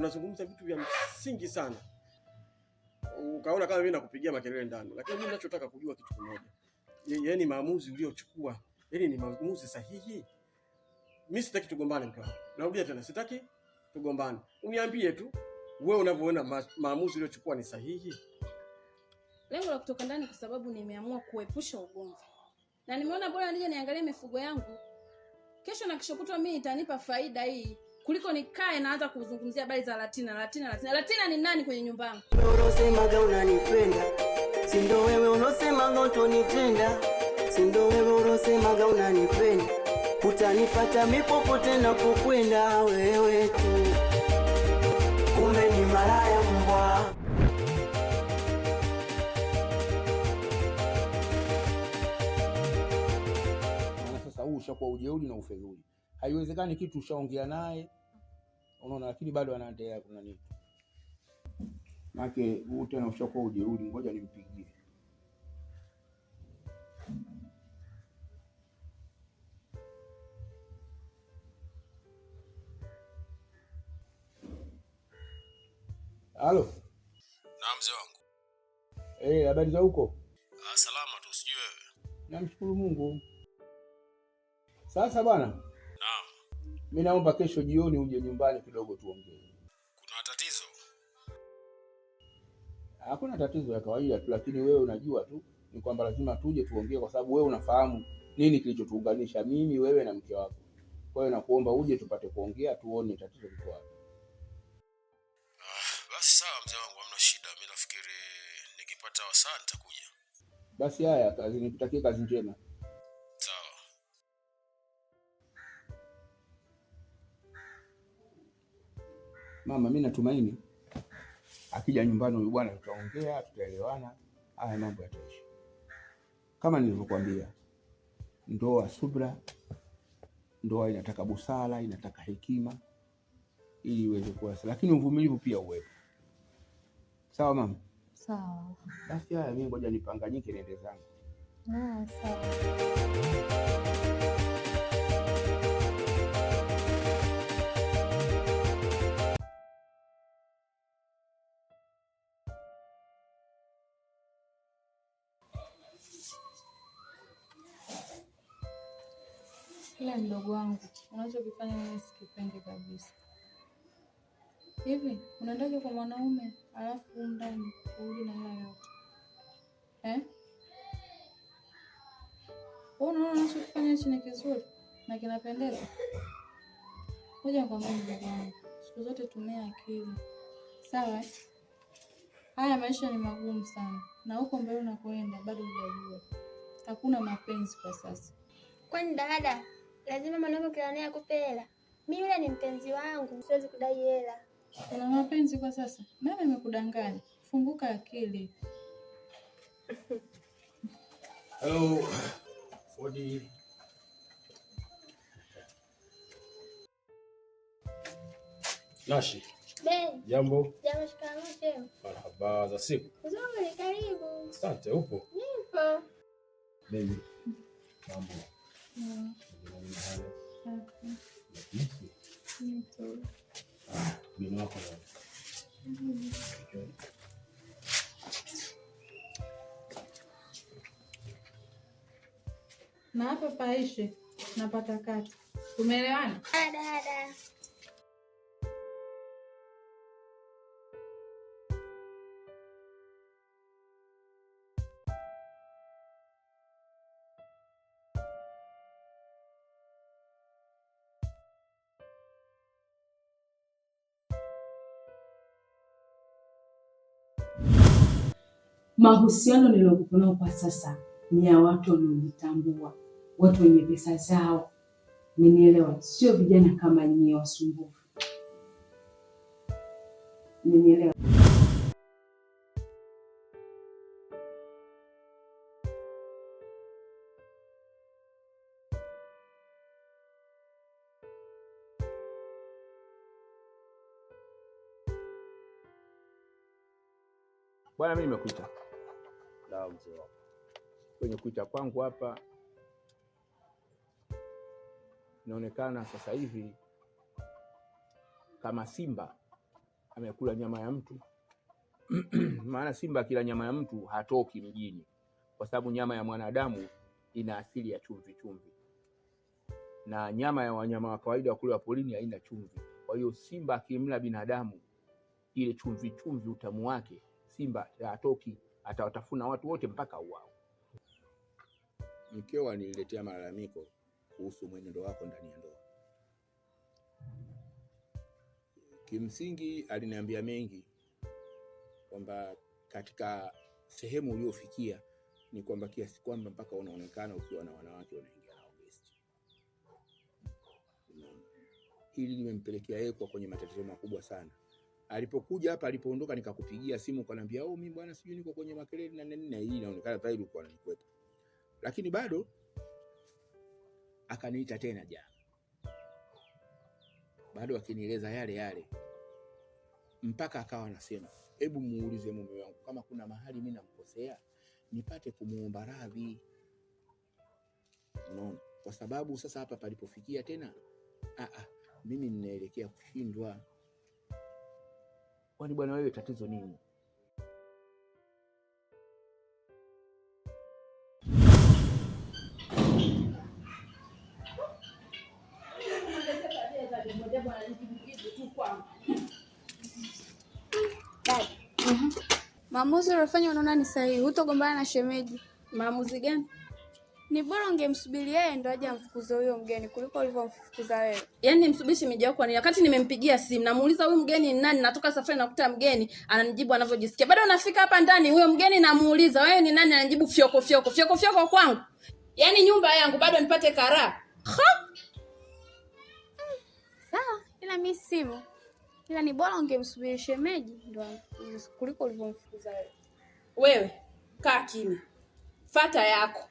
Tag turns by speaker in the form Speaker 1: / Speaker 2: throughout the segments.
Speaker 1: tunazungumza vitu vya msingi sana. Ukaona kama mimi nakupigia makelele ndani, lakini mimi ninachotaka kujua kitu kimoja, yaani maamuzi uliochukua, yaani ni maamuzi sahihi? Mimi sitaki tugombane mke wangu, narudia tena, sitaki tugombane. Uniambie tu wewe unavyoona maamuzi uliochukua ni sahihi.
Speaker 2: Lengo la kutoka ndani kwa sababu nimeamua kuepusha ugomvi na nimeona bora nije niangalie mifugo yangu, kesho na kesho kutwa mimi itanipa faida hii kuliko nikae naanza kuzungumzia habari za Latina. Latina, Latina, Latina ni nani kwenye nyumba yangu?
Speaker 3: Unosemaga unanipenda, si ndo wewe? Unosemaga utonitenda, si ndo wewe? Unosemaga unanipenda, utanipata mipopote kukwenda wewe tu, kumbe
Speaker 1: ni malaya mbwa. Sasa huu ushakuwa ujeuri na ufedhuli, haiwezekani kitu ushaongea naye unaona, lakini bado anaendelea kuna nini make huu tena ushakuwa ujeuri. Ngoja nimpigie. Halo.
Speaker 4: Naam, mzee wangu.
Speaker 1: Eh, habari za huko?
Speaker 4: Ah, salama tu, sijui wewe.
Speaker 1: Namshukuru Mungu. Sasa bwana mimi naomba kesho jioni uje nyumbani kidogo tuongee. Kuna tatizo? Hakuna tatizo ya kawaida tu, lakini wewe unajua tu ni kwamba lazima tuje tuongee, kwa sababu wewe unafahamu nini kilichotuunganisha mimi, wewe na mke wako. Kwa hiyo nakuomba uje tupate kuongea, tuone tatizo liko wapi.
Speaker 4: Ah, basi sawa mzee wangu, hamna shida. Mimi nafikiri nikipata wasaa nitakuja.
Speaker 1: Basi haya, kazi nikutakie kazi njema. mama, mimi natumaini akija nyumbani huyu bwana tutaongea, tutaelewana, haya mambo yataisha. Kama nilivyokuambia, ndoa subra, ndoa inataka busara, inataka hekima ili iweze kuwa, lakini uvumilivu pia uwepo. Sawa mama?
Speaker 5: Sawa.
Speaker 1: Basi haya, mimi ngoja nipanganyike niende zangu.
Speaker 5: Ah, sawa.
Speaker 6: Kila mdogo wangu, unachokifanya mimi sikipendi kabisa. Hivi unaendaje kwa mwanaume alafu ndani urudi na hela yote eh? Unaona unachokifanya chini ni kizuri na kinapendeza? Ngoja nikwambie mdogo wangu, siku zote tumia akili sawa. Haya maisha ni magumu sana, na huko mbele unakoenda bado hujajua. Hakuna mapenzi kwa sasa.
Speaker 7: Kwani dada lazima mwanangu kilanea kupe hela. mi yule ni mpenzi wangu, siwezi kudai hela.
Speaker 6: Una mapenzi kwa sasa? Mama amekudanganya. Funguka akili.
Speaker 1: Hello. Fodi. Nashi. Ben. Jambo.
Speaker 7: Jambo, shikamoo shehe.
Speaker 1: Marhaba, za siku.
Speaker 7: Nzuri, karibu.
Speaker 1: Asante, upo?
Speaker 7: Nipo.
Speaker 1: Baby. Mambo.
Speaker 6: Mm. Na papai paishi na patakata, umeelewana?
Speaker 8: Mahusiano niliyokuwa kwa sasa ni ya watu wanaojitambua, watu wenye pesa zao, menielewa? Sio vijana kama nyie wasumbufu, menielewa?
Speaker 1: Bwana, mimi nimekuita nimesahau mzee wangu, kwenye kuita kwangu hapa inaonekana sasa hivi kama simba amekula nyama ya mtu maana simba akila nyama ya mtu hatoki mjini, kwa sababu nyama ya mwanadamu ina asili ya chumvi chumvi, na nyama ya wanyama wa kawaida wa kule wa porini haina chumvi. Kwa hiyo simba akimla binadamu, ile chumvi chumvi utamu wake simba hatoki atawatafuna watu wote mpaka uwao. Mkeo anililetea malalamiko kuhusu mwenendo wako ndani ya ndoa. Kimsingi aliniambia mengi kwamba katika sehemu uliofikia ni kwamba kiasi kwamba mpaka unaonekana ukiwa na wanawake unaingia nao besti. Hili limempelekea yeye kwa kwenye matatizo makubwa sana Alipokuja hapa alipoondoka, nikakupigia simu ukaniambia, oh, mimi bwana sijui niko kwenye makelele na nini na hii, inaonekana dhahiri uko ananikwepa. Lakini bado akaniita tena jana, bado akinieleza yale yale, mpaka akawa anasema, hebu muulize mume wangu kama kuna mahali mimi namkosea nipate kumuomba radhi. Unaona, kwa sababu sasa hapa palipofikia tena, a a, mimi ninaelekea kushindwa Kwani bwana wewe tatizo nini?
Speaker 9: Mhm. Maamuzi uliofanya unaona ni sahihi, hutogombana na shemeji.
Speaker 10: Maamuzi gani?
Speaker 9: Ni bora ungemsubiri yeye ndo aje amfukuze huyo mgeni kuliko ulivyomfukuza wewe.
Speaker 10: Yaani nimsubishi miji yako ni Wakati nimempigia simu namuuliza huyu mgeni ni nani, natoka safari nakuta mgeni ananijibu anavyojisikia. Bado nafika hapa ndani huyo mgeni namuuliza wewe ni nani, ananijibu fyoko fyoko fyoko fyoko kwangu. Yaani nyumba yangu bado nipate karaa. Ha?
Speaker 9: Mm, sawa, ila mimi simu. Ila ni bora ungemsubiri shemeji ndo kuliko ulivyomfukuza wewe.
Speaker 10: Wewe kaa kimya. Fata yako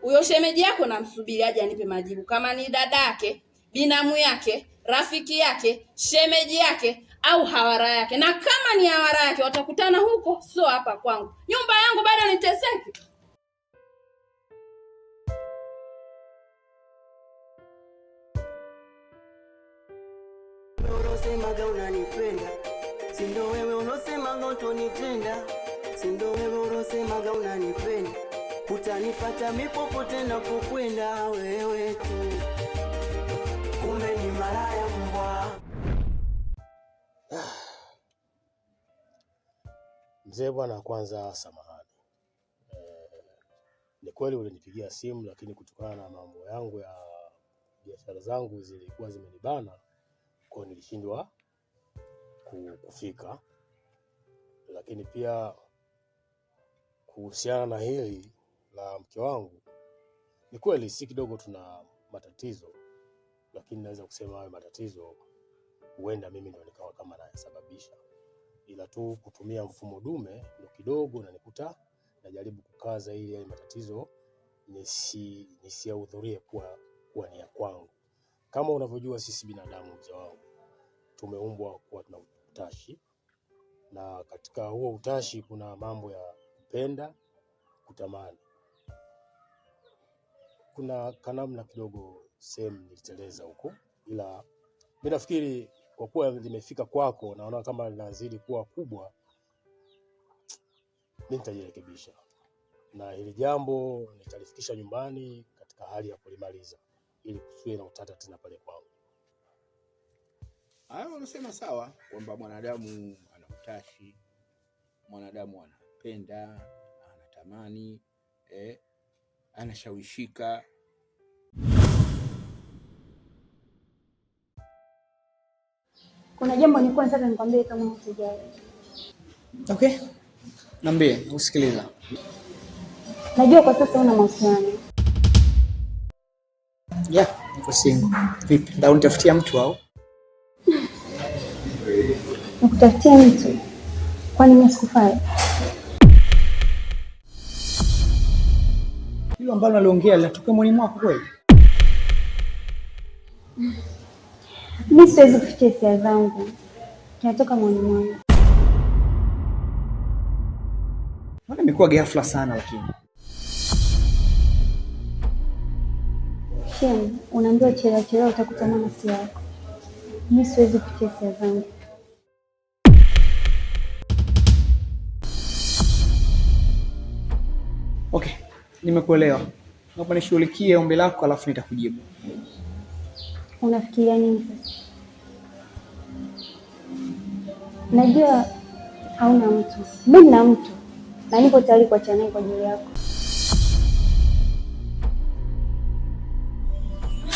Speaker 10: huyo shemeji yako namsubiri aje anipe majibu, kama ni dada yake, binamu yake, rafiki yake, shemeji yake au hawara yake. Na kama ni hawara yake, watakutana huko, sio hapa kwangu. Nyumba yangu bado niteseki. Unosemaga unanipenda sindo wewe, unosemaga utonipenda sindo wewe,
Speaker 1: unosemaga unanipenda utanipata mipopote na kukwenda wewe tu, kumbe ni malaya mbwa. Mzee bwana, kwanza samahani eh, ni kweli ulinipigia simu, lakini kutokana na mambo yangu ya biashara zangu zilikuwa zimenibana kwa nilishindwa kufika, lakini pia kuhusiana na hili la mke wangu, ni kweli si kidogo tuna matatizo, lakini naweza kusema hayo matatizo huenda mimi ndio nikawa kama nayasababisha, ila tu kutumia mfumo dume ndio kidogo nanikuta najaribu kukaza ili yale matatizo nisiyahudhurie kuwa, kuwa ni ya kwangu. Kama unavyojua sisi binadamu, mzee wangu, tumeumbwa kuwa tuna utashi, na katika huo utashi kuna mambo ya kupenda, kutamani kuna kanamna kidogo sehemu niliteleza huko, ila mimi nafikiri kwa kuwa limefika kwako, naona kama linazidi kuwa kubwa, mi nitajirekebisha na hili jambo nitalifikisha nyumbani katika hali ya kulimaliza ili kusiwe na utata tena pale kwangu. Hayo unasema sawa, kwamba mwanadamu ana utashi, mwanadamu anapenda, anatamani eh anashawishika.
Speaker 11: Kuna jambo nilikuwa nataka nikwambie kama hujali.
Speaker 12: Okay. Niambie, usikiliza.
Speaker 11: Najua kwa sasa una mahusiano.
Speaker 12: Yeah, niko single. Vipi? Ndio unitafutia mtu au?
Speaker 11: Nikutafutia mtu. Kwani mimi sikufai?
Speaker 12: hilo ambalo naliongea linatoka mwani mwako kweli?
Speaker 11: Mi siwezi kuficha hisia zangu, kinatoka mwani mwangu.
Speaker 12: Mbona imekuwa ghafla sana lakini?
Speaker 11: Shem, unaambiwa chelewa chelewa utakuta mwana si wako. Mi siwezi kuficha hisia zangu.
Speaker 12: nimekuelewa, naomba nishughulikie ombi lako, alafu nitakujibu.
Speaker 11: Unafikiria nini sasa? Najua hauna mtu, mimi na mtu na niko tayari kuachana naye kwa ajili yako.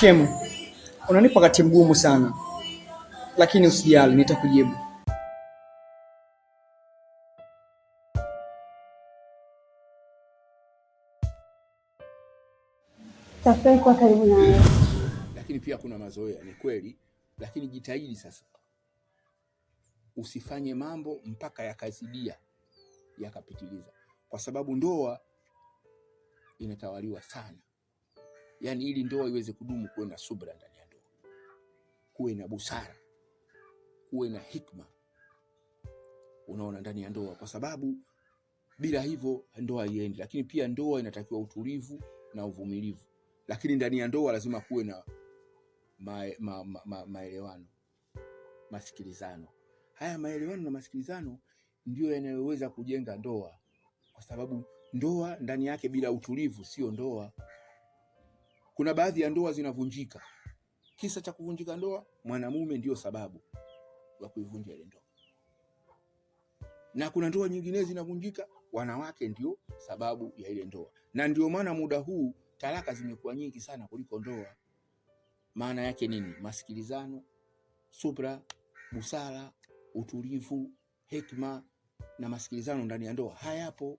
Speaker 12: Shemu, unanipa wakati mgumu sana, lakini usijali, nitakujibu.
Speaker 11: tafurahi kuwa karibu na wewe.
Speaker 1: Lakini pia kuna mazoea, ni kweli, lakini jitahidi sasa usifanye mambo mpaka yakazidia yakapitiliza, kwa sababu ndoa inatawaliwa sana. Yaani ili ndoa iweze kudumu, kuwe na subra ndani ya ndoa, kuwe na busara, kuwe na hikma, unaona, ndani ya ndoa, kwa sababu bila hivyo ndoa haiendi. Lakini pia ndoa inatakiwa utulivu na uvumilivu lakini ndani ya ndoa lazima kuwe na maelewano ma, ma, ma, masikilizano. Haya maelewano na masikilizano ndiyo yanayoweza kujenga ndoa, kwa sababu ndoa ndani yake bila utulivu sio ndoa. Kuna baadhi ya ndoa zinavunjika. Kisa cha kuvunjika ndoa, mwanamume ndiyo sababu ya kuivunja ile ndoa, na kuna ndoa nyingine zinavunjika, wanawake ndio sababu ya ile ndoa, na ndio maana muda huu talaka zimekuwa nyingi sana kuliko ndoa. Maana yake nini? Masikilizano, subra, busara, utulivu, hekima na masikilizano ndani ya ndoa hayapo.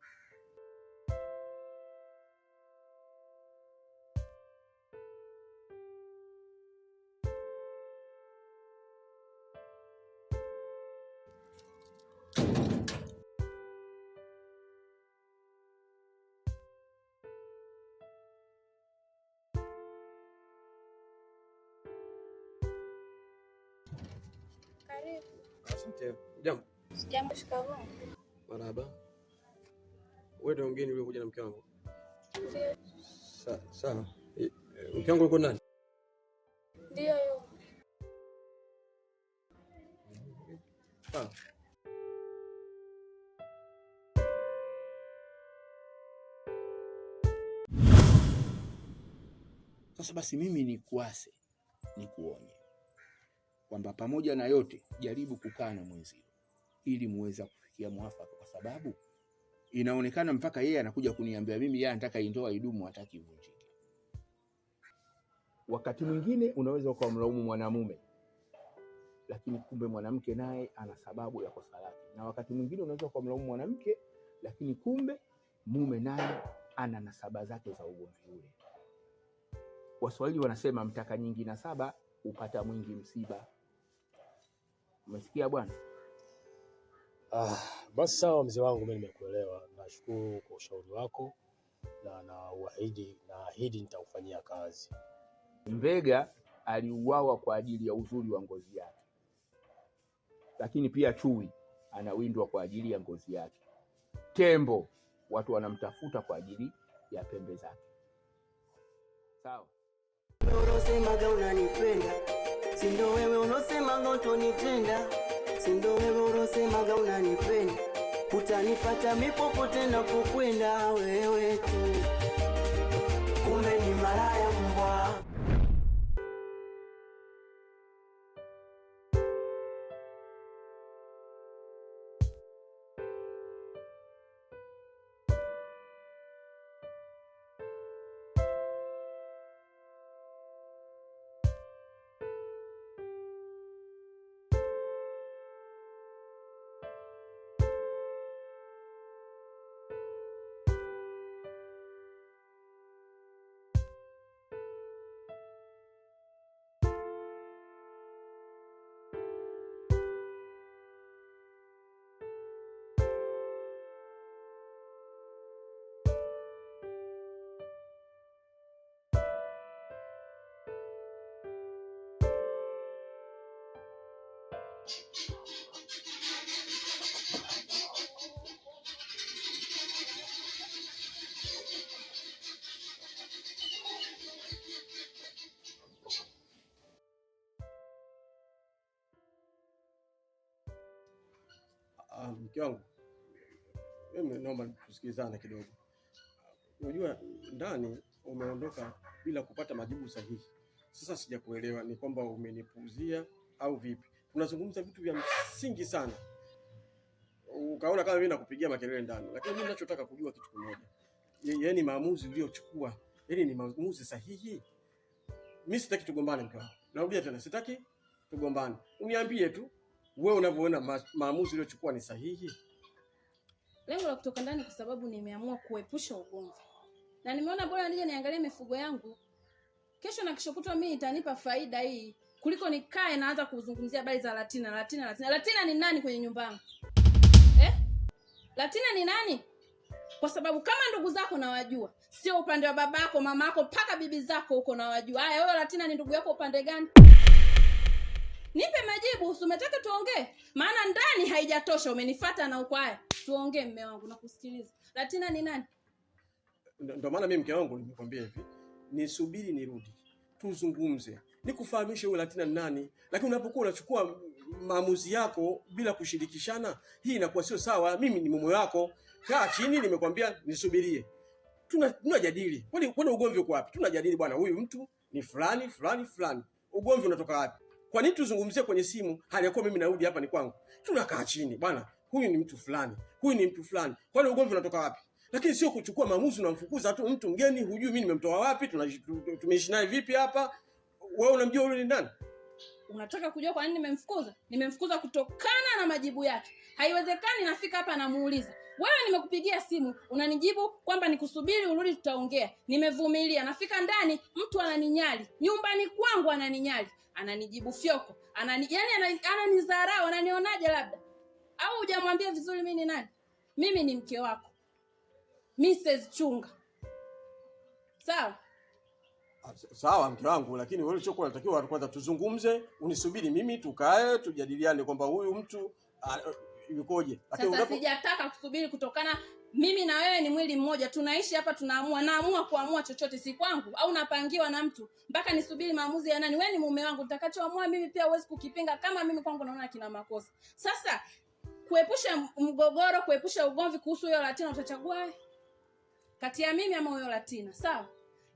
Speaker 1: Karibu. Asante. Jambo.
Speaker 7: Jambo. Shikamoo.
Speaker 1: Wewe ndio mgeni uliokuja na mke wangu? Ndio. Sawa, e, Mke wangu yuko nani?
Speaker 7: Ndio. Sawa.
Speaker 1: Sasa basi mimi ni kuase ni kuonye kwamba pamoja na yote jaribu kukaa na mwenzio ili muweza kufikia mwafaka, kwa sababu inaonekana mpaka yeye anakuja kuniambia mimi yeye anataka indoa idumu, hataki ivunjike. Wakati mwingine unaweza ukamlaumu mwanamume, lakini kumbe mwanamke naye ana sababu ya kosa lake, na wakati mwingine unaweza ukamlaumu mwanamke, lakini kumbe mume naye ana nasaba zake za ugomvi ule. Waswahili wanasema mtaka nyingi na saba upata mwingi msiba. Umesikia bwana? Ah, basi sawa mzee wangu, mimi nimekuelewa. Nashukuru kwa ushauri wako na naahidi na ahidi nitaufanyia kazi. Mbega aliuawa kwa ajili ya uzuri wa ngozi yake, lakini pia chui anawindwa kwa ajili ya ngozi yake. Tembo watu wanamtafuta kwa ajili ya pembe zake. Sawa.
Speaker 3: Unaosemaga unanipenda Sindo wewe unosemaga utonipenda, sindo wewe unosemaga unanipenda, utanipata mipopote na kukwenda wewe tu
Speaker 1: Ah, mke wangu naomba tusikilizane kidogo. Unajua ndani umeondoka bila kupata majibu sahihi. Sasa sijakuelewa, ni kwamba umenipuuzia au vipi? unazungumza vitu vya msingi sana, ukaona kama mimi nakupigia makelele ndani, lakini mimi ninachotaka kujua kitu kimoja, yaani maamuzi uliyochukua yaani ni maamuzi sahihi? Mimi sitaki tugombane, mke wangu, narudia tena, sitaki tugombane. Uniambie tu wewe unavyoona maamuzi uliochukua ni sahihi.
Speaker 2: Lengo la kutoka ndani kwa sababu nimeamua kuepusha ugomvi na nimeona bora nije niangalie mifugo yangu, kesho na kesho kutwa mimi itanipa faida hii kuliko nikae naanza kuzungumzia habari za Latina. Latina, Latina, Latina ni nani kwenye nyumba yangu eh? Latina ni nani? Kwa sababu kama ndugu zako nawajua, sio upande wa babako, yako mpaka bibi zako huko nawajua. Haya, wewe Latina ni ndugu yako upande gani? Nipe majibu, umetaka tuongee? Maana ndani haijatosha, umenifata na uko. Haya, tuongee mme wangu, nakusikiliza. Latina ni nani?
Speaker 1: Ndio maana mimi mke wangu nimekwambia hivi, nisubiri nirudi tuzungumze nikufahamishe huyo latina nani, lakini unapokuwa unachukua maamuzi yako bila kushirikishana, hii inakuwa sio sawa. Mimi ni mume wako, kaa chini, nimekwambia nisubirie, tunajadili. Tuna kwani ugomvi uko wapi? Tunajadili bwana, huyu mtu ni fulani fulani fulani. Ugomvi unatoka wapi? Kwa nini tuzungumzie kwenye simu hali yakuwa mimi narudi hapa ni kwangu? Tunakaa chini bwana, huyu ni mtu fulani, huyu ni mtu fulani, kwani ugomvi unatoka wapi? Lakini sio kuchukua maamuzi, unamfukuza tu mtu mgeni, hujui mimi nimemtoa wapi, tumeishi naye vipi hapa wewe unamjua yule ni nani?
Speaker 10: Unataka kujua kwa nini nimemfukuza? Nimemfukuza kutokana na majibu yake. Haiwezekani nafika hapa namuuliza wewe, nimekupigia simu unanijibu kwamba nikusubiri urudi, tutaongea. Nimevumilia, nafika ndani, mtu ananinyali nyumbani kwangu, ananinyali, ananijibu fyoko, anani yani, ananidharau, ananionaje? Labda au hujamwambia vizuri mimi ni nani? Mimi ni mke wako Mrs. Chunga, sawa?
Speaker 1: sawa mke wangu, lakini wewe ulichokuwa unatakiwa kwanza tuzungumze, unisubiri mimi, tukae tujadiliane kwamba huyu mtu yukoje.
Speaker 10: Lakini sasa sijataka kusubiri, kutokana mimi na wewe ni mwili mmoja, tunaishi hapa, tunaamua. Naamua kuamua chochote, si kwangu au napangiwa na mtu mpaka nisubiri maamuzi ya nani? Wewe ni mume wangu, nitakachoamua mimi pia huwezi kukipinga, kama mimi kwangu naona kina makosa. Sasa kuepusha mgogoro, kuepusha ugomvi kuhusu huyo Latina, utachagua kati ya mimi ama huyo Latina, sawa?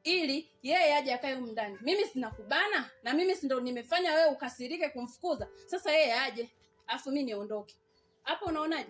Speaker 10: ili yeye aje akae humu ndani. Mimi sinakubana na mimi si ndo nimefanya wewe ukasirike kumfukuza, sasa yeye aje afu mimi niondoke. Hapo unaonaje?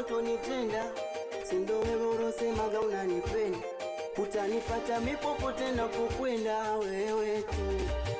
Speaker 10: utonitenda, si ndo wewe urosemaga unanipenda, utanipata mipopote na kukwenda wewe tu